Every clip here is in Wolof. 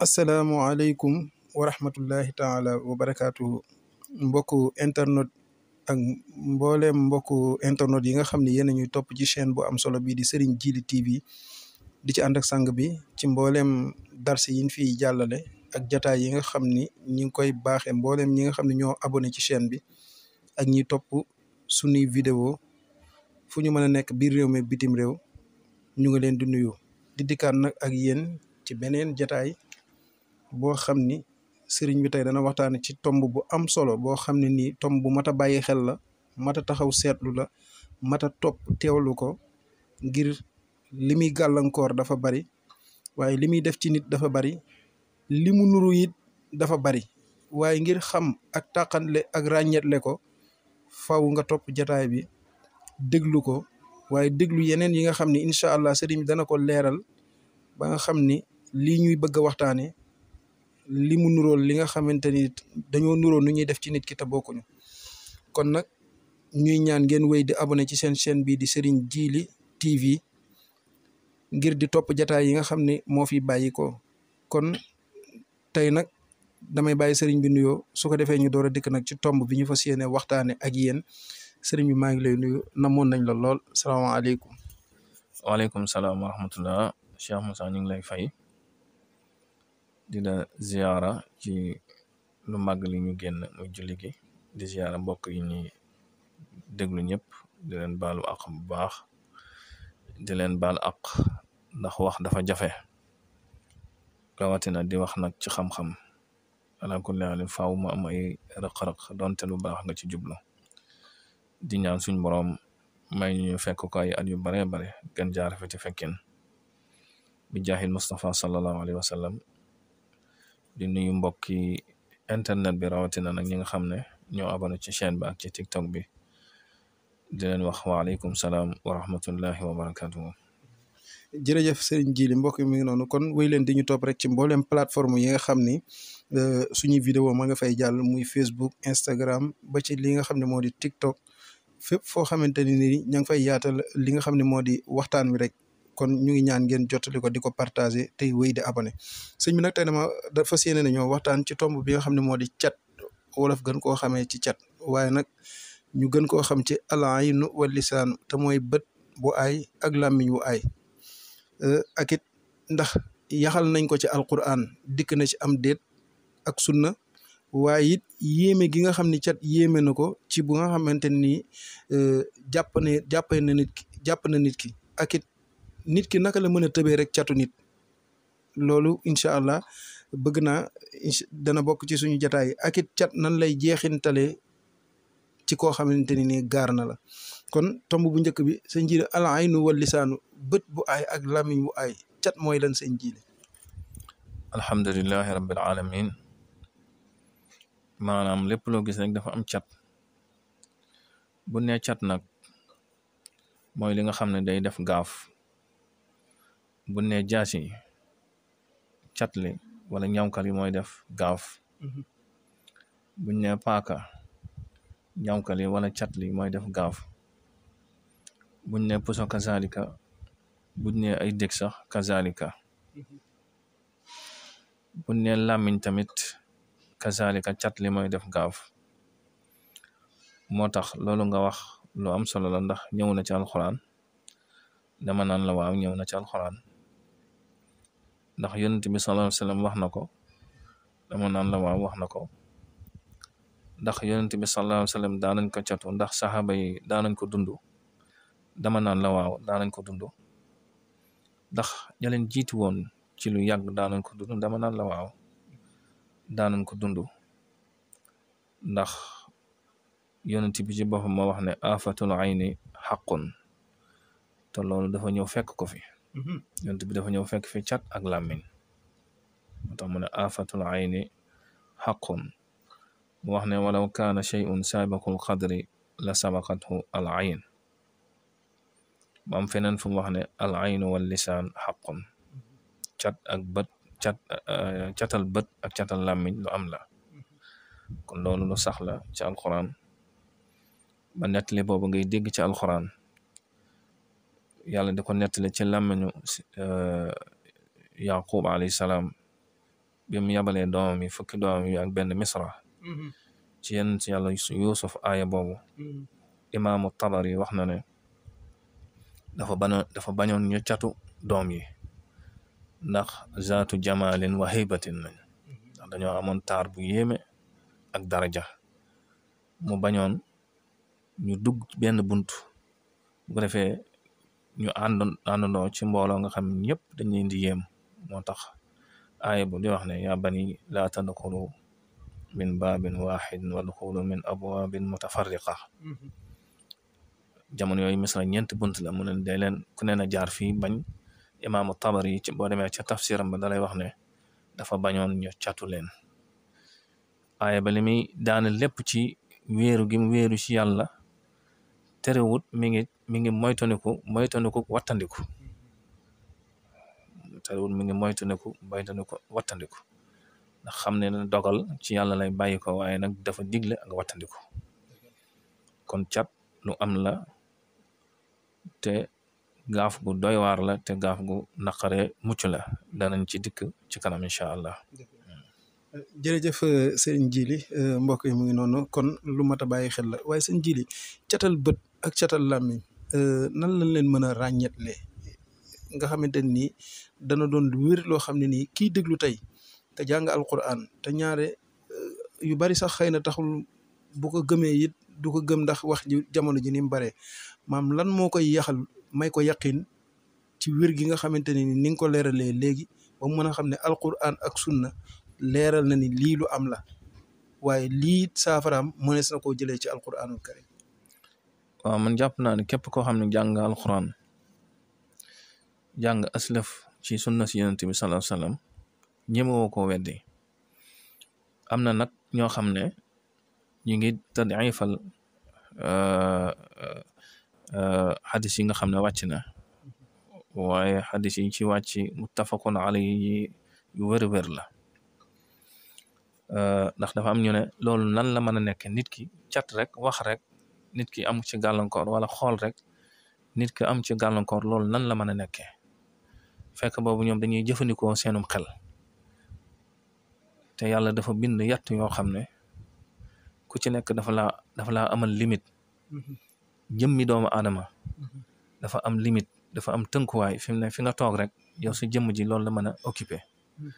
asalaamualeykum wa rahmatullahi taala wa barakaatuhu mbokku internet ak mbooleem mbokku internet yi nga xam ni yéen a ñuy topp ci chaîne bu am solo bii di Serigne Djily TV di ci ànd ak sang bi ci mbooleem dars yiñ fi jàllale ak jataay yi nga xam ni ñi ngi koy baaxee mbooleem ñi nga xam ne ñoo abonné ci chaîne bi ak ñi topp sunuy vidéo fu ñu mën a nekk biir réew mi bitim réew ñu ngi leen di nuyu di dikkaat nag ak yéen ci beneen jataay boo xam ni sëriñ bi tey dana waxtaan ci tomb bu am solo boo xam ne nii tomb bu mat a bàyyi xel la mat a taxaw seetlu la mat a topp teewlu ko ngir li muy gàllankoor dafa bari waaye li muy def ci nit dafa bari limu nuru yit dafa bari waaye ngir xam ak tàqanle ak ràññeetle ko faw nga topp jataay bi déglu ko waaye déglu yeneen yi nga xam ni incha allah sëriñ bi dana ko leeral ba nga xam ni lii ñuy bëgg a waxtaanee limu mu li nga xamante ni dañoo nuróo nu ñuy def ci nit ki te bokkuñu kon nag ñuy ñaan ngeen wéy di abonné ci seen chaîne bii di Serigne Djily TV ngir di topp jataay yi nga xam ne moo fi bàyyi ko kon tey nag damay bàyyi sëriñ bi nuyoo su ko defee ñu door a dëkk nag ci tomb bi ñu fas yéene waxtaane ak yéen sëriñ bi maa ngi lay nuyu namoon nañ la lool salaamaaleykum. waaleykum salaam wa rahmatullah Cheikh Moussa ñu ngi lay fay. di la ziara ci lu màgg li ñu génn muy julli gi di ziara mbokk yi ñuy déglu ñépp di leen baalu àq bu baax di leen bal ak ndax wax dafa jafe rawatina di wax nag ci xam-xam alaa kulli haalin faaw mu am rëq-rëq donte lu baax nga ci jublu di ñaan suñ boroom may ñu fekk ko ay at yu bare bare gën jaar fi ci fekkin bi jaahil Mustafa sallallahu alayhi wa sallam di nuyu mbokki internet bi rawatina nag ñi nga xam ne ñoo abonné ci chaîne bi ak ci tiktok bi di leen wax waaleykum salaam wa rahmatullahi wa barakatuhu jërëjëf Serigne Djily mbokk mi ngi noonu kon wéy leen di ñu topp rek ci mbooleem plateforme yi nga xam ni euh, suñuy vidéo ma nga fay jàll muy Facebook Instagram ba ci li nga xam ne moo di TikTok fépp foo xamante ni ni ña ngi fay yaatal li nga xam ne moo di waxtaan wi rek kon ñu ngi ñaan ngeen jottali ko di ko partager tey wéy di abonné sëñ bi nag tey dama dafa ne ñoo waxtaan ci tomb bi nga xam ne moo di cat wolof gën koo xamee ci cat waaye nag ñu gën koo xam ci alaynu nu walisaan te mooy bët bu ay ak làmmiñ bu aay eh, akit ndax yaxal nañ ko ci alquran dikk na ci am déet ak sunna waaye it yéeme gi nga xam ni cat yéeme na ko ci bu nga xamante ni eh, jàpp ne na nit ki jàpp na nit ki ak nit ki naka la mën a tëbee rek catu nit loolu incha allah bëgg naa dana bokk ci suñu jataay ak cat nan lay jeexintale ci koo xamante ni nii gaar na la kon tomb bu njëkk bi sëñ jiile al aynu wal lisaanu bët bu aay ak làmmiñ bu aay cat mooy lañ sëñ jiile alhamdulilahi rabbil alamin maanaam lépp loo gis rek dafa am cat bu ne cat nag mooy li nga xam ne day def gaaf bu ne jaasi cat wala ñawkat mhm. mooy def gaaf buñ ne paaka ñawkat wala cat mooy def gaaf buñ ne puso kazalika mhm. buñ ne ay dég sax kazalika buñ ne làmmiñ tamit kazalika cat li mooy def gaaf moo tax loolu nga wax lu am solo la ndax ñëw na ci alxuraan dama naan la waaw ñëw na ci alxuraan ndax yonent bi sallallahu alayhi wa wax na ko dama naan la waaw wax na ko ndax yonent bi sallallahu alayhi wa sallam ko catu ndax saxaaba yi daanañ ko dund dama naan la waaw daanañ ko dund ndax ña leen jiitu woon ci lu yàgg daanañ ko dund dama naan la waaw daanañ ko dund ndax yonent bi ci boppam ma wax ne afatul ayni xaqun te loolu dafa ñëw fekk ko fi Mhm. yonent bi dafa ñëw fekk fi cat ak làmmiñ moo tax mu ne aafatul ayni xaqun mu wax ne walaw kaana shay'un saabaqul qadri la sabaqathu al ayn mu am feneen fu mu wax ne al aynu wal lisaan xaqun cat ak bët cat eh, catal bët ak catal làmmiñ lu am la kon loolu lu sax la ci alquran ba nettali boobu ngay dégg ci alquran yàlla di ko nettali ci làmmiñu eh, yaqub alayhi salaam bi mu yabalee doomam yi fukki doomam yi ak benn misra mm-hmm. ci yenn ci yàlla yusuf aaya boobu mm-hmm. imaamu tabari wax na ne dafa bañoon ñu doom yi ndax zaatu jamalin wa haybatin nañ mm-hmm. ndax amoon taar bu yéeme ak daraja mu bañoon ñu dugg benn bunt bu ko ñu ànd àndandoo ci mbooloo nga xam ne ñëpp dañ leen di moo tax aaya bu di wax ne yaa bani laa tadxulu min baabin waxidin wadxulu min abwaabin mutafarriqa jamono yooyu misra ñeent bunt la mu ne day leen ku ne na jaar fii bañ imaamu tabari ci boo demee ca tafsiram ba dalay wax ne dafa bañoon ñu catu leen aaya ba li lépp ci wéeru gi mu wéeru ci yàlla terewut mi ngi mi ngi moytandiku moytandiku wattandiku terewut mi ngi moytandiku moytandiku wattandiku ndax xam ne na dogal ci yàlla lay bàyyi ko waaye nag dafa digle ak wattandiku kon cat lu am la te gaaf gu doy waar la te gaaf gu naqare mucc la danañ ci dikk ci kanam incha allah. jërëjëf sëñ Jili mbok yi mu ngi noonu kon lu mat a bàyyi xel la waaye sen Jili catal bët ak catal làmmiñ euh, nan lañ leen mën a ràññetle nga xamante ni dana doon lu wér loo xam ne nii kiy déglu tey te jàng alquran te ñaare euh, yu bari sax xëy na taxul bu ko gëmee it du ko gëm ndax wax ji jamono ji ni mu bare maam lan moo koy yaxal may ko yaqin ci wér gi nga xamante ne ni ni nga ko leeralee léegi ba mu mën a xam ne alquran ak na leeral na ni lii lu am la waaye lii saafaraam mënees na koo jëlee ci alquranul karim waaw man jàpp naa ne képp koo xam ne jàng nga alxuraan jàng aslaf ci sunna si yonent bi sallallahu alayhi wasallam ñemewoo weddi am na nag ñoo xam ne ñu ngi tadifal xadis euh, euh, yi nga xam ne wàcc na waaye xadis yi ci wàcc muttafaqun alayhi yi yu wër-wër la euh, ndax dafa am ñu ne loolu nan la mën a nekk nit ki cat rek wax rek nit ki am ci gàllankoor wala xool rek nit ki am ci gàllankoor loolu nan la mën a nekkee fekk boobu ñoom dañuy jëfandikoo seenum xel te yàlla dafa bind yatt yoo xam ne ku ci nekk dafa la dafa laa amal limite mhm. jëmmi doomu aadama mhm. dafa am limite dafa am tënkuwaay fi ne fi nga toog rek yow si jëmm ji loolu la mën a occupé mhm.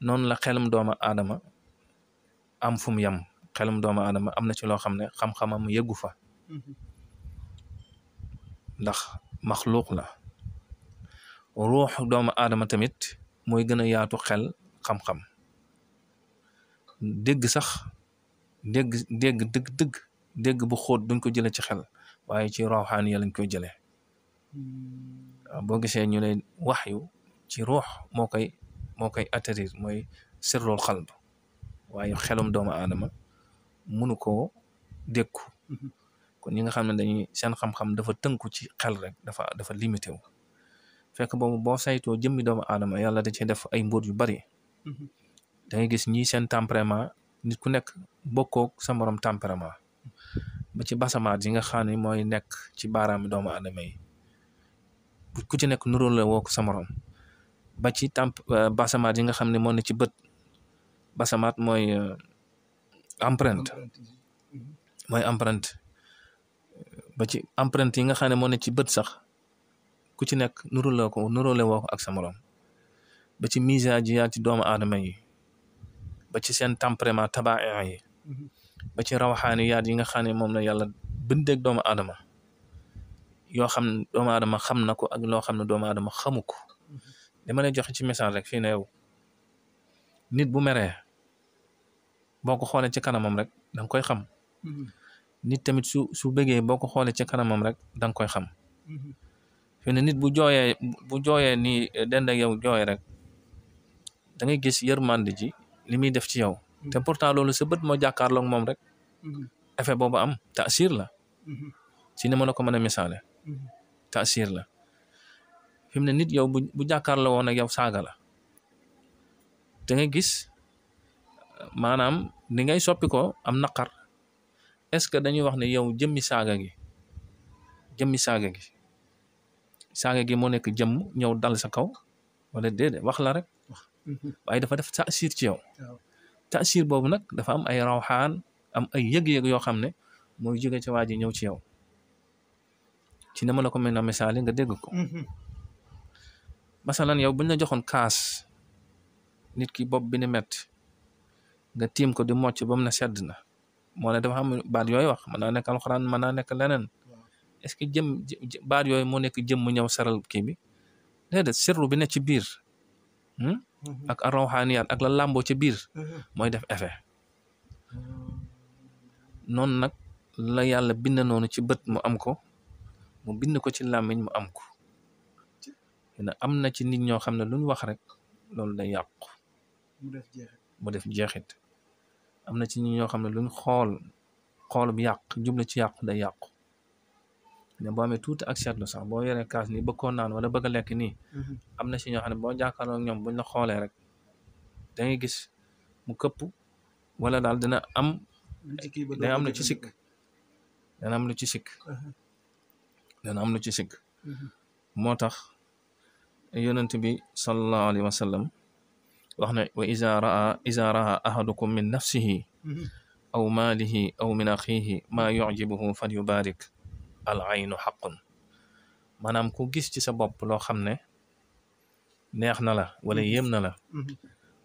noonu la xelum doomu aadama am fu mu yem xelum doomu aadama am na ci loo xam ne xam-xamam yëggu fa ndax maxluuq la ruux doomu aadama tamit mooy gën a yaatu xel xam-xam dégg sax dégg dégg dëgg dëgg dégg bu xóot duñ ko jëlee ci xel waaye ci rawxaan ya lañ koy jëlee boo gisee ñu ne wax yu ci ruux moo koy moo koy atterrir mooy sirrul xalb waaye xelum doomu aadama mënu koo dékku mhm. kon ñi nga xam ne dañuy seen xam-xam dafa tënku ci xel rek dafa dafa limité wu fekk boobu boo saytoo jëmmi doomu aadama yàlla da cee def ay mbóot yu bari mhm. da gis ñii seen tempérament nit ku nekk bokkoog sa moroom tempérament ba ci basamaat yi nga xam ne mooy nekk ci baaraami doomu aadama yi ku ci nekk nuróo la woo ko ba ci temp euh, basamaat yi nga xam ne moo ne ci bët basamaat mooy. Euh, empreinte mhm. mooy empreinte ba ci empreinte yi nga xam ne moo ne ci bët sax ku ci nekk nuruloo ko nurule woo ko ak sa ba ci misaaj yi ci doomu aadama yi ba ci seen tempérament tabaa yi mhm. ba ci rawaxaani yaat yi nga xam moom na yàlla bindeeg doomu aadama yoo xam ne doomu xam na ko ak loo xam ne doomu aadama xamu ko li mhm. ma lay joxe ci message rek fi ne yow nit bu meree boo ko xoolee ci kanamam rek da nga koy xam mm-hmm. nit tamit su su bëggee boo ko xoolee ci kanamam rek da koy xam mm-hmm. fi ne nit bu jooyee bu jooyee nii dend yow jooyee rek da ngay gis yërmande ji li muy def ci yow mm-hmm. te pourtant loolu sa bët moo jàkkaarloo ak moom rek effet boobu am taasir la si ne ma la ko mën a misaale taasir la fi mu ne nit yow bu bu jàkkaarloo woon ak yow saaga la da ngay gis maanaam ni ngay soppi ko am naqar est-ce que dañuy wax ne yow jëmmi saaga gi jëmmi saaga gi saaga gi moo nekk jëmm ñëw dal sa kaw wala déedéet wax la rek wax mhm. waaye dafa def taasir ci yow taasir boobu nag dafa am ay rawxaan am ay yëg-yëg yoo xam ne mooy jóge ci waa ji ñëw ci yow ci na ma la ko mel na misaal nga dégg ko mhm. masalan yow buñ la joxoon kaas nit ki bopp bi ni metti nga tiim ko di mocc ba na sedd na moo ne dafa am baat yooyu wax mën naa nekk alxuraan mën naa nekk leneen ce que jëm baat yooyu moo nekk jëm mu ñaw seral kii bi déedéet sirru bi ne ci biir hmm? mm-hmm. ak arawxaaniyaat ak la làmboo ci biir mm-hmm. mooy def effet mm-hmm. noonu nag la yàlla bind noonu ci bët mu am ko mu bind ko ci làmmiñ mu am ko na am na ci nit ñoo xam ne lu wax rek loolu day yàqu mu def jeexit am na ci ñi ñoo xam ne luñ xool xool bu yàq jublu ci yàqu day yàqu ne boo amee tuuti ak seetlu sax boo yoree kaas ni bëggoon naan wala bëgg lekk nii mm-hmm. am na ci ñoo xam ne boo jàkkaarloo ak ñoom buñ la xoolee rek da ngay gis mu këpp wala daal dina am dana am lu ci sikk uh-huh. dana am lu ci sik dana am mm-hmm. lu ci sik moo tax yonent bi sallallahu alayhi wa wax na wa iza raa iza raa ahadukum min nafsihi aw maalihi aw min axiihi maa yujibuhu fal yubaarik al aynu xaqun maanaam ku gis ci sa bopp loo xam ne neex na la wala mm-hmm. yéem na la mm-hmm.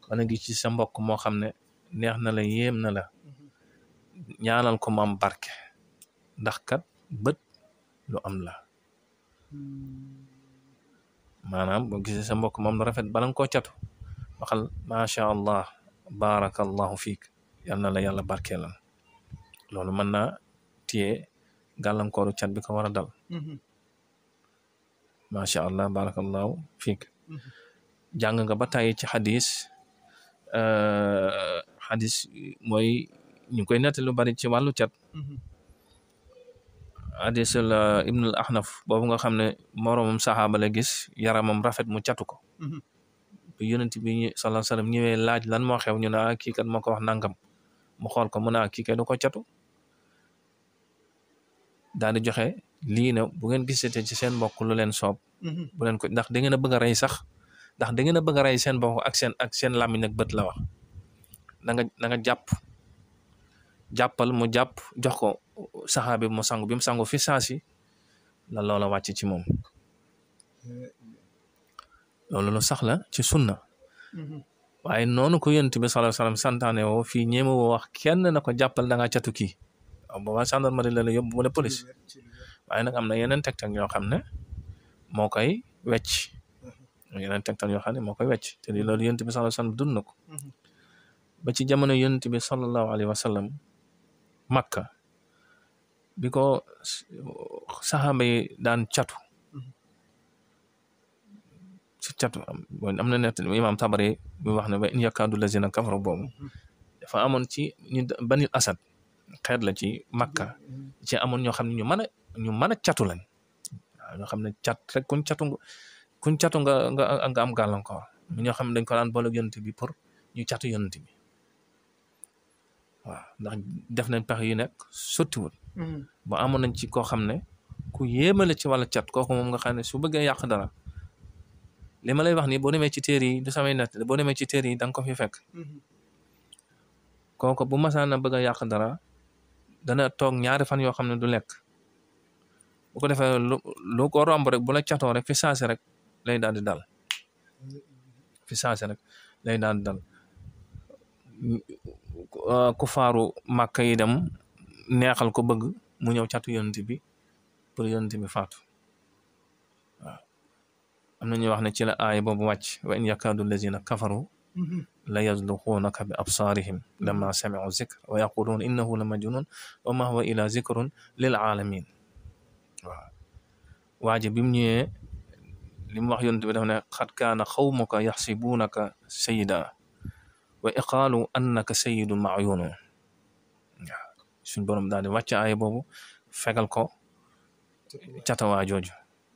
wala gis ci sa mbokk moo xam ne neex na la yéem na la mm-hmm. ñaanal ko maam barke ndax kat bët lu am la maanaam boo gisee sa mbokk moom lu rafet bala nga koo catu waxal macha allah barakallahu fiik yal na la yàlla barkeelal loolu mën naa téye gàllankooru cat bi ko war a dal mm-hmm. macha allah barakallahu fiik mm-hmm. jàng nga ba tàyyi ci xadis euh, xadis mooy ñu koy nettali bari ci wàllu cat mm-hmm. xadis la ahnaf boobu nga xam ne moroomam saxaaba la gis yaramam rafet mu catu ko bi yonent bi sallallahu alayhi wasallam laaj lan moo xew ñu ne ah kii moo ko wax nangam mu xool ko mu ne ah kii kat du ko catu di joxe lii na bu ngeen gisatee ci seen mbokk lu leen soob. Mhm. leen ko ndax da ngeen a bëgg rey sax ndax da ngeen a bëgg rey seen mbokk ak seen ak seen làmmiñ ak bët la wax nanga nga jàpp jàppal mu jàpp jox ko saxaabi mu sangu bi mu sangu fi saasi la loola wàcc ci moom. Eh, loolu lu sax la ci sunna mm-hmm. waaye noonu ko yonent bi sallallahu alayhi wasallam santaane woo fii ñeema woo wax kenn na ko jàppal da ngaa catu kii boobaa gendarmerie la la yóbbu wala police waaye nag am na yeneen tegtal yoo xam ne moo koy wecc mm-hmm. yeneen tegtal yoo xam ne moo koy wecc te loolu yonent bi sallallahu alayhi wasallam dund na ko mm-hmm. ba ci jamono yonent bi sallallahu alayhi wasallam makka bi ko saxaaba yi daan catu cat am na net imaam Tabari mu wax ne ba in yakaadu lazina kafaru boobu dafa amoon ci ñu Bani Asad xeet la ci Makka ci amoon ñoo xam ne ñu mën a ñu mën a catu lañ waaw ñoo xam ne cat rek kuñ catu kuñ catu nga nga nga am gàllankoor ñoo xam ne dañ ko daan boole yonent bi pour ñu catu yonent bi waaw ndax def nañ pexe yu nekk sottiwul hmm. ba amoon nañ ci koo xam ne ku yéeme la ci wàllu cat kooku moom nga xam ne su bëggee yàq dara li ma lay wax nii boo demee ci téere yi du samay natt boo demee ci téere yi da nga ko fi fekk mhm. kooku bu masaana bëgg a yàq dara dana toog ñaari fan yoo xam ne du lekk bu ko defee lu lu ko romb rek bu la catoo rek fi saasi rek lay daal di dal fi saasi rek lay daal di hm, ku faaru màkk yi dem neexal ko bëgg mu ñëw catu yonent bi pour yonent bi faatu am na ñuy wax ne ci la aay boobu wàcc wa in yakaadu lazina kafaru la yazluquunaka bi absaarihim lamma samiu zikr wa yaquluun innahu la majnun wa ma huwa ila zikrun lil aalamin waaw waaje bi mu ñëwee li mu wax yonent bi daf ne xad kaana xawmuka yaxsibuunaka sayida wa iqaalu annaka sayidu mayuunu waaw suñ borom daal di wàcc aay boobu fegal ko catawaa jooju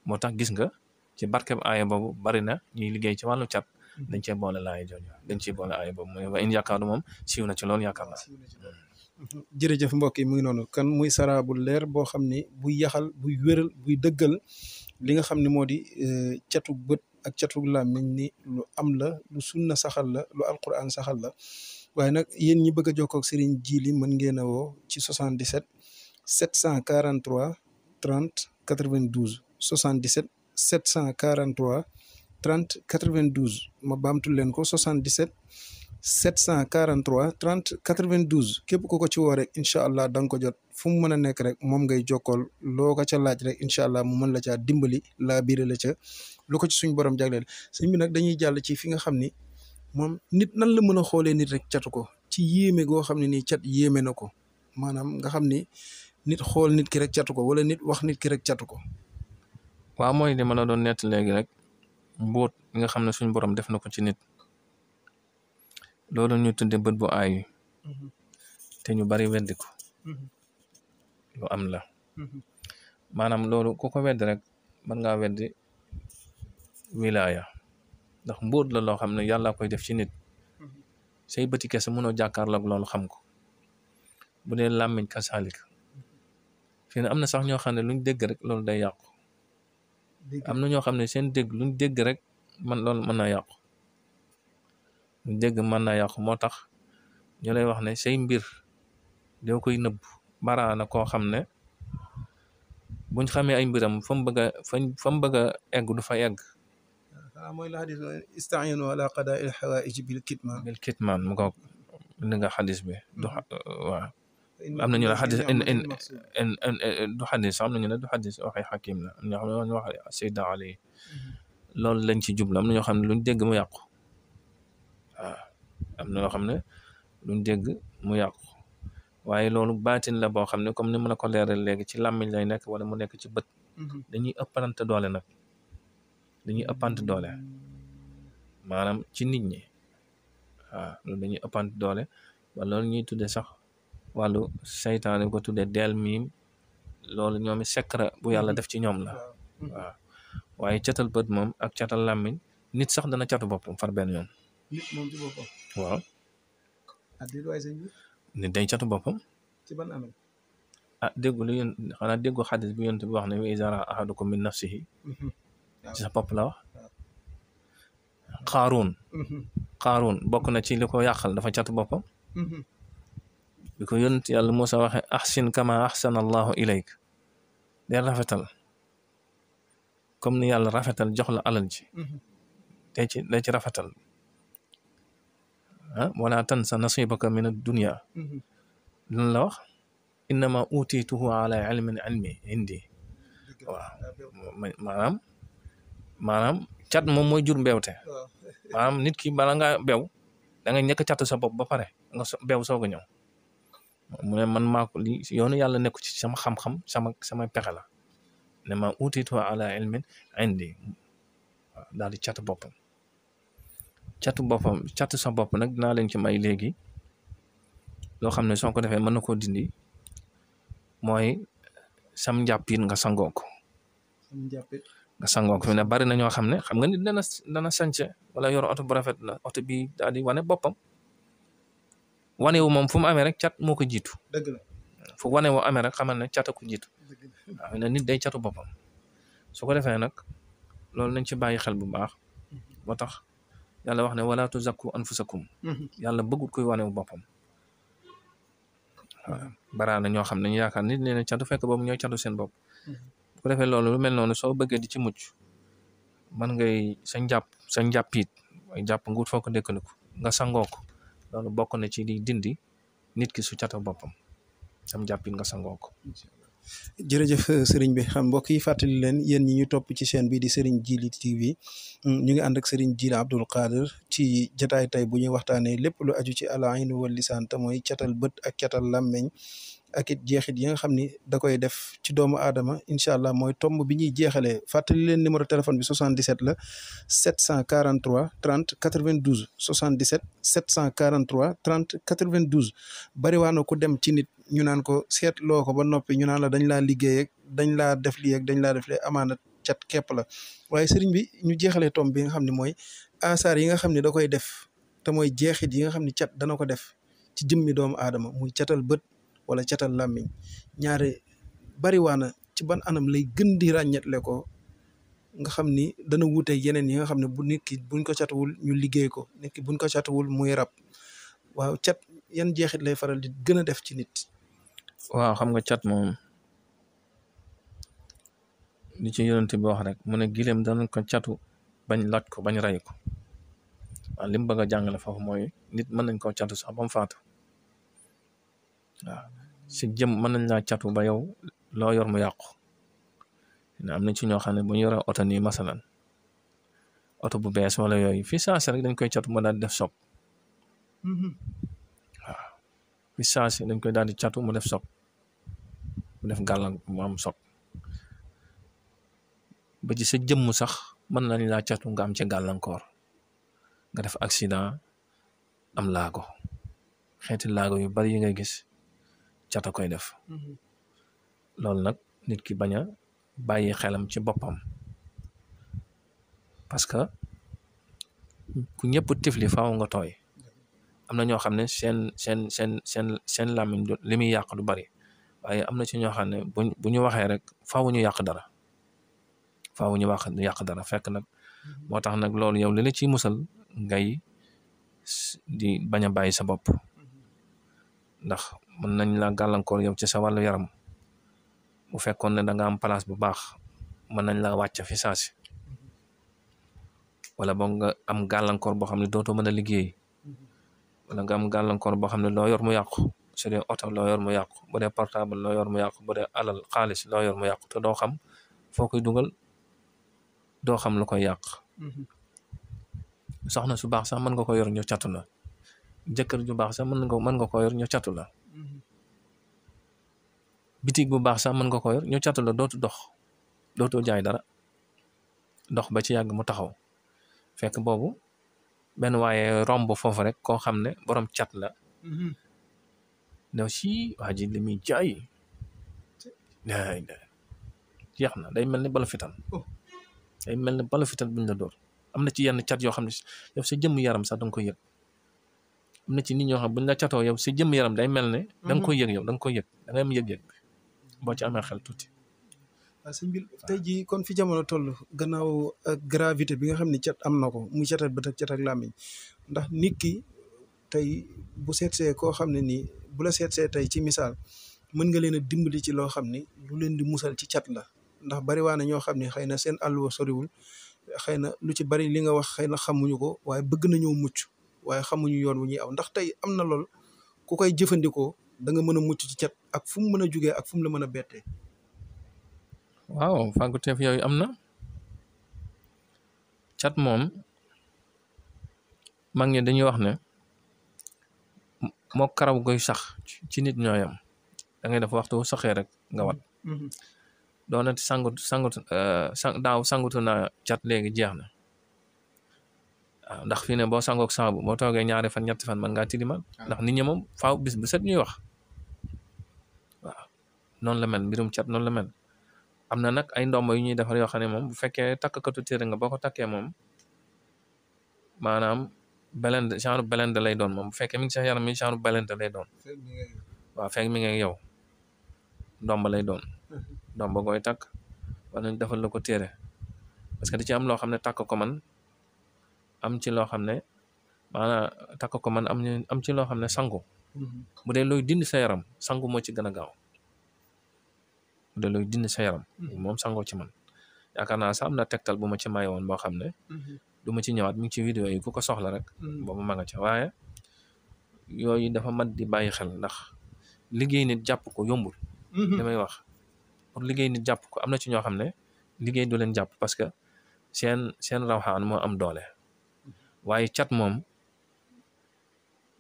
moo tax gis nga ci barkeb aaya boobu bari na ñuy liggéey ci wàllu cat mm-hmm. dañ cee boole laaya jooju dañ cee boole aaya boobu mooy wa in yaakaaru moom siiw na ci loolu yaakaar na mm-hmm. jërëjëf mbokk yi mu ngi noonu kan muy saraabu leer boo xam ne buy yaxal buy wéral buy dëggal li nga xam ne moo di e, catu bët ak catu làmmiñ ni lu am la lu sunna saxal la lu alquran saxal la waaye nag yéen ñi bëgg a jokkoo ak Serigne Djily mën ngeen a woo ci 77 743 30 92 77 743 30 92 ma baamtu leen ko 77 743 30 92 képp ku ko ci woo rek incha allah da ko jot fu mu mën a nekk rek moom ngay jokkool loo ko ca laaj rek incha allah mu mën la caa dimbali laa biir la ca lu ko ci suñ borom jagleel sëñ bi nag dañuy jàll ci fi nga xam ni moom nit nan la mën a xoolee nit rek catu ko ci yéeme goo xam ne nii cat yéeme na ko maanaam nga xam ni nit xool nit ki rek catu ko wala nit wax nit ki rek ko waaw mooy de ma doon nett léegi rek mbóot li nga xam ne suñu borom def na ko ci nit loolu ñu tudde bët bu aayu mhm. te ñu bari weddi ko mhm. am la mhm. maanaam loolu ko ko weddi rek mën ngaa weddi wilaaya ndax mbóot la loo xam ne yàlla koy def ci nit say bëti kese mënoo jàkkaarloog loolu xam ko bu dee làmmiñ kasaalika fii ne am na sax ñoo xam ne luñ dégg rek loolu day yàqu am na ñoo xam ne seen dégg luñ dégg rek man loolu mën naa yàqu dégg mën naa yàqu moo tax ñoo lay wax ne say mbir doo koy nëbb baraana koo xam ne buñ xamee ay mbiram fa mu bëgg a fa mu bëgg a egg du fa egg. waaw mooy la xadis istaayinu ala qadaa il xawaij bil kitmaan. bil kitmaan mu ko li nga xadis bi. du mm-hmm. waaw. am na ñu ne xadis in in du xadis am na ñu ne du xadis waxi xakim la am na ñoo xam ne wax sayda ali loolu lañ ci jublu am na ñoo xam ne luñ dégg mu yàqu waaw xam ne luñ dégg mu yàqu waaye loolu baatin la boo xam ne comme ni ma la ko leeral léegi ci làmmiñ lay nekk wala mu nekk ci bët dañuy ëppante doole nag dañuy ëppante doole maanaam ci nit ñi waaw loolu dañuy ëppante doole ba loolu ñuy tudde sax seytaan seytaane ko tuddee del mi loolu ñoom i bu yàlla def ci ñoom la mm-hmm. waaw waaye catal bët moom ak catal làmmiñ nit sax dana catu boppam far benn yoon. nit moom ah, day catu boppam. ci ban ah, lu yéen xanaa déggu xadis bi yonent bi wax ne wa iza raa ko min nafsihi mm-hmm. ci sa bopp la wax. xaaruun. Mm-hmm. xaaruun bokk na ci li ko yàqal dafa catu boppam. bi ko yonent yàlla Muusa waxe ahsin kama ahsana allahu ilayk del rafetal comme ni yàlla rafetal jox la alal ji mhm. ci rafetal ah wala tansa nasibaka min ad-dunya mhm. lan la wax innama utituhu ala ilmin ilmi indi waaw maanaam cat moom mooy jur mbeewte maanaam nit ki bala nga bew da nga ñëkk a sa bopp ba pare nga bew soog a ñëw mu ne man maa ko li yoonu yàlla nekku ci sama xam-xam sama sama la ne ma utiitu ala ilmin indi waaw daal di catu boppam catu boppam catu sa bopp nag dinaa leen ci may léegi loo xam ne soo ko defee mën na koo dindi mooy sam njàppit nga sangoo ko nga sangoo ko ne bari na ñoo xam ne xam nga nit dana dana sànce wala yor oto bu rafet la oto bi daal di wane boppam wane wu moom fu mu amee rek cat moo ko jiitu. fo la fu amee rek xamal ne cat a ko jiitu. na nit day catu boppam su ko defee nag loolu nañ ci bàyyi xel bu baax mhm. moo tax yàlla wax ne wala tuzakku anfusakum mhm. yàlla bëggut koy wane wu boppam. waaw baraana ñoo xam ne ñu yaakaar nit nee na catu fekk boobu ñooy catu seen bopp. bu mhm. ko defee loolu lu mel noonu soo bëggee di ci mucc man nga sa njàpp sa njàppiit mooy jàpp nguur foo ko dëkkaliku nga sangoo ko loolu bokk na ci liy dindi nit ki su catu boppam am jàppin nga sangoo ko. jërëjëf euh, sëriñ bi xam mbokk yi fàttali leen yéen ñi ñu topp ci seen bi di Serigne Djily TV mm, ñu ngi ànd ak Serigne Djily Abdou ci jataay tey bu ñu waxtaanee lépp lu aju ci al ayn wal lisaan te mooy catal bët ak catal làmmeñ ak it jeexit yi nga xam ni da koy def ci doomu aadama incha allah mooy tomb bi ñuy jeexalee fàttali leen numéro téléphone bi 77 la 743 30 92 77 743 30 92 bariwaa na ku dem ci nit ñu naan ko seetloo ko ba noppi ñu naan la dañ laa liggéey ak dañ laa def li ak dañ laa def lee amaana cat képp la waaye sëriñ bi ñu jeexalee tomb bi nga xam ne mooy asaar yi nga xam ne da koy def te mooy jeexit yi nga xam ne cat dana ko def ci jëmmi doomu aadama muy catal bët wala catal làmmiñ ñaare bariwaana ci ban anam lay gën di ràññetle ko nga xam ni dana wuute yeneen yi nga xam ne bu nit buñ ko catawul ñu liggéey ko nit buñ ko catawul muy rab waaw cat yan jeexit lay faral di gën a def ci nit. waaw xam nga cat moom li ci yonent bi wax rek mu ne gileem danañ ko catu bañ laaj ko bañ ray waaw li mu bëgg a jàngale foofu mooy nit mën nañ ko catu sax ba mu waaw si jëm mën nañ laa catu ba yow loo yor mu yàqu am na ci ñoo xam ne bu ñu yoree oto nii masalan oto bu bees wala yooyu fii saasi rek dañ koy catu ma daal def sob mm-hmm. waaw fii dañ koy daal di catu mu def sob mu def gàllank mu am sob ba ci sa jëmm sax mën nañ laa catu nga am ci gàllankoor nga def accident am laago xeeti laago yu bari yi ngay gis. cata koy def mm-hmm. loolu nag nit ki baña bàyyi xelam ci boppam parce que ku ñëpp tifli faaw nga tooy am na ñoo xam ne seen seen seen seen seen làmmiñ li yàq du bari waaye am na ci ñoo xam ne buñ bu ñu waxee rek faaw ñu yàq dara faaw ñu wax yàq dara fekk nag mm-hmm. moo tax nag loolu yow li la ciy musal ngay di baña bàyyi sa bopp mm-hmm. ndax mën nañ la gàllankoor yow ci sa wàllu yaram bu fekkoon ne da nga am palace bu baax mën nañ la wàcc fi saasi wala boog nga am gàllankoor boo xam ne dootoo mën a liggéey wala nga am gàllankoor boo xam ne loo yor mu yàqu su dee oto loo yor mu yàqu bu dee portable loo yor mu yàqu bu dee alal xaalis loo yor mu yàqu te doo xam foo koy dugal doo xam lu koy yàq mm-hmm. soxna su baax sax mën nga ko yor ño catu na jëkkër ju baax sax mën nga mën nga ko yor ñu catu la bitig bu baax sax mën nga ko yor ñu catu la dootu dox dooto jaay dara dox ba ci yàgg mu taxaw fekk boobu benn waaye romb foofu rek koo xam ne boroom cat la. ñoo mhm. si waa ji li jaay day na day mel ni balu fital oh. day mel ni balu fital buñ la dóor am na ci yenn cat yoo xam ne yow sa jëmm yaram sax danga koy yëg. am na ci nit ñoo bu buñ la catoo yow si jëmm yaram day mel ne. da nga mhm. koy yëg yow da nga koy yëg da nga am yëg-yëg boo ci amee xel tuuti. waaw tey jii kon fi jamono toll gannaaw euh, gravité bi nga xam ne cat am na ko mu catat bët ak catat làmmiñ ndax nit ki tey bu seetsee koo xam ne nii bula la seetsee tey ci misaal mën nga leen a dimbali ci loo xam ni lu leen di musal ci cat la ndax bari waa na ñoo xam ne xëy na seen àlluwa soriwul xëy na lu ci bari li nga wax xëy na xamuñu ko waaye bëgg nañoo mucc. waaye xamuñu yoon wu ñuy aw ndax tey am na lool ku koy jëfandikoo da nga mën a mucc ci cat ak fu mu mën a jugee ak fu mu la mën a bettee. waaw fàgguteef yooyu am na cat moom mag ñi dañuy wax ne moo karaw koy sax ci nit ñooyam da ngay def waxtu saxee rek nga wat mm-hmm. doonati sangut sangut eh, daaw sangutu cat léegi jeex na waaw ndax fii ne boo sangoog saabu boo toogee ñaar fa ñetti fan mën ngaa tilimal ndax nit ñi moom faaw bu set ñuy wax waaw noonu la mel mbirum cat noonu la mel am na nag ay ndomb yu ñuy defar yoo xam ne moom bu fekkee takkatu téere nga boo ko takkee moom maanaam belend genre belend lay doon moom bu fekkee mi ngi sa yaram mi genre belend lay doon waaw fekk mi ngi ndomb lay doon ndomb gooy wala ñu defal la ko téere parce que da ci am loo xam ne takk ko man am ci loo xam ne maanaam takk ko man am am ci loo xam ne sangu mm-hmm. bu dee looy dindi sa yaram sangu moo ci gën a gaaw bu dee looy dindi sa yaram mm-hmm. moom sangoo ci man yaakaar naa sax am na tegtal bu ma ci may woon boo xam ne mm-hmm. duma ci ñëwaat mi ngi ci vidéo yi ku ko soxla rek boobu mu manga ca waaye yooyu dafa mat di bàyyi xel ndax liggéey nit jàpp ko yombul damay wax pour liggéey nit jàpp ko am na ci ñoo xam ne liggéey du leen jàpp parce que seen seen rawxaan moo am doole waaye cat moom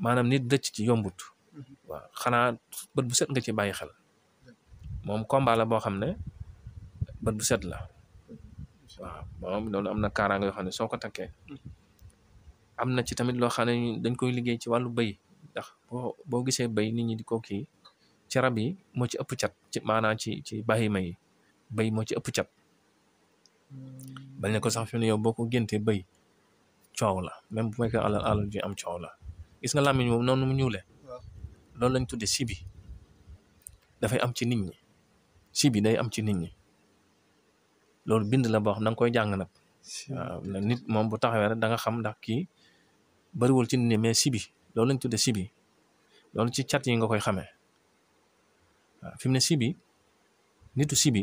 maanaam nit dëcc ci yombut mm-hmm. waaw xanaa bët bu set nga ci bàyyi xel moom combat boo xam ne bët bu set la mm-hmm. waaw moom loolu am na kaaraanga yoo xam ne soo ko takee mm-hmm. am na ci tamit loo xam ne dañ koy liggéey ci wàllu béy ndax boo boo gisee béy nit ñi di ko kii ci rab yi moo ci ëpp cat ci maanaam ci ci bàyyima yi béy moo ci ëpp cat mm. bañ ne sax fi ne yow boo ko géntee béy coow la même bu fekkee alal alal ji am coow la gis nga làmmiñ moom noonu mu ñuule loolu lañ tuddee sibi dafay am ci nit ñi sibi day am ci nit ñi loolu bind la boo xam da koy jàng nag nit moom bu taxawee rek da xam ndax kii bariwul ci nit ñi mais sibi loolu lañ tuddee sibi loolu ci cat yi nga koy xame waaw fi mu ne sibi nitu sibi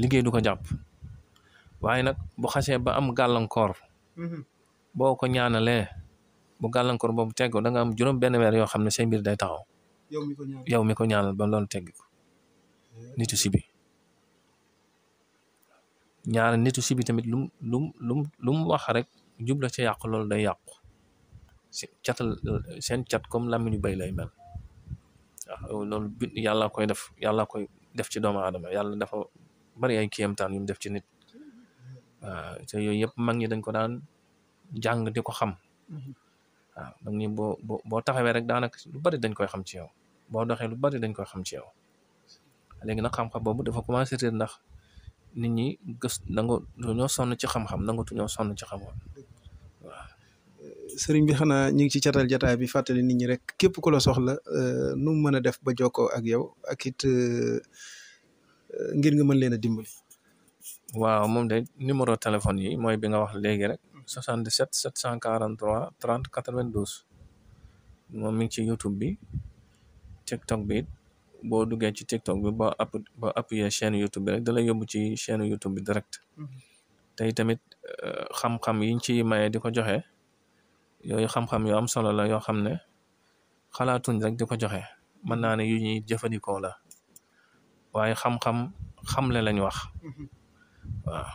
liggéey du ko jàpp waaye nag bu xasee ba am gàllankoor Mhm. boo ko ñaanalee bu gàllankoor boobu teggoo da nga am juróom benn weer yoo xam ne say mbir day taxaw yow mi ko ñaanal ba loolu tegg ko nitu sibi ñaar nitu sibi tamit lum lum lum lu mu wax rek jubla ca yàqu lool day yàqu catal seen cat comme làmmiñ yu bay lay mel waaw loolu yàlla koy def yàlla koy def ci doomu aadama yàlla dafa bari ay kéemtaan yu mu def ci nit waaw te yooyu yëpp mag ñi dañ ko daan jàng di ko xam mhm. waaw mag ñi boo boo boo taxawee rek daanaka lu bari dañ koy xam ci yow boo doxee lu bari dañ koy xam ci yow léegi nag xam-xam boobu dafa commencé réer ndax nit ñi gës nangu ñoo sonn ci xam-xam sonn ci xam-xam waaw. sëriñ bi xanaa ñu ngi ci catal jataay bi fàttali nit ñi rek képp ku la soxla euh, nu mu mën a def ba jokkoo ak yow ak it euh, ngir nga mën leen a dimbali. waaw moom de numéro téléphone yi mooy bi nga wax léegi rek 77 743 30 92 moom mi ngi ci YouTube bi TikTok bi it boo duggee ci TikTok bi ba app ba appuyé chaîne YouTube bi rek da lay yóbbu ci chaîne YouTube bi direct mm-hmm. tey tamit euh, xam-xam yiñ ci maye di ko joxe yooyu xam-xam yu am solo la yoo xam ne xalaatuñ rek di ko joxe mën naa ne yu ñuy jëfandikoo la waaye xam-xam xamle lañ wax mm-hmm. waaw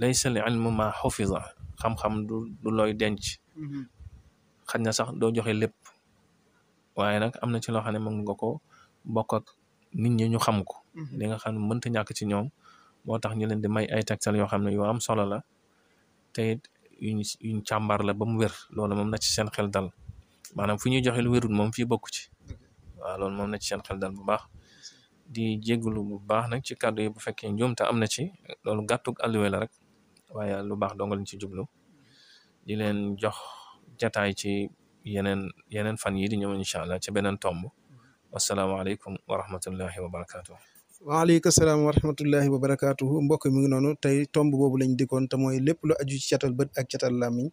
laysal ilmu ma xufida xam-xam du du looy denc mm-hmm. xañ na sax doo joxe lépp waaye nag am na ci loo xam ne mën nga ko bokk ak nit ñi ñu xam ko mm-hmm. li nga xam ne mënta ñàkk ci ñoom moo tax ñu leen di may ay tegtal yoo xam ne yoo am solo la te it yuñ yuñ càmbar la ba mu wér loolu moom na ci seen xel dal maanaam fu ñuy joxe lu wérul moom fii bokk ci wa loolu moom na ci seen xel dal bu baax di jégalu bu baax nag ci kàddu yi bu fekke njuumte am na ci loolu gàttuk alluwe la rek waaye lu baax dong lañ ci jublu di leen jox jataay ci yeneen yeneen fan yi di ñëw incha allah ci beneen tomb wasalaamaaleykum wa rahmatullahi wa barakaatu. waaleykum salaam wa rahmatullahi wa barakaatuhu mbokk mi ngi noonu tey tomb boobu lañ dikkoon te mooy lépp lu aju ci catal bët ak catal làmmiñ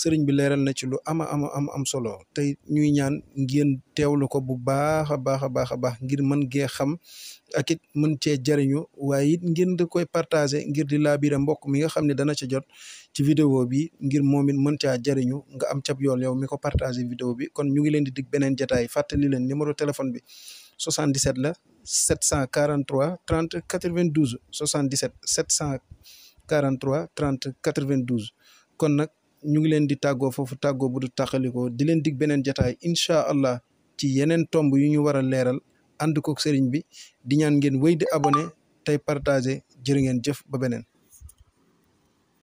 sëriñ bi leeral na ci lu ama ama am am solo tey ñuy ñaan ngeen teewlu ko bu baax a baax a baax a baax ngir mën gee xam ak it mën cee jariñu waaye ngeen da koy partager ngir di laabire mbokk mi nga xam ne dana ca jot ci vidéo bi ngir moom it mën caa jariñu nga am cap yool yow mi ko partager vidéo bi kon ñu ngi leen di dig beneen jataay fàttali leen numéro téléphone bi 77 la 743 30 92 77 743 30 92 kon nag ñu ngi leen di tàggoo foofu tàggoo bu du tàqalikoo di leen dig beneen jataay incha allah ci yeneen tomb yu ñu war a leeral ànd kook sëriñ bi di ñaan ngeen wéy di abonné tey partagé jërë ngeen jëf ba beneen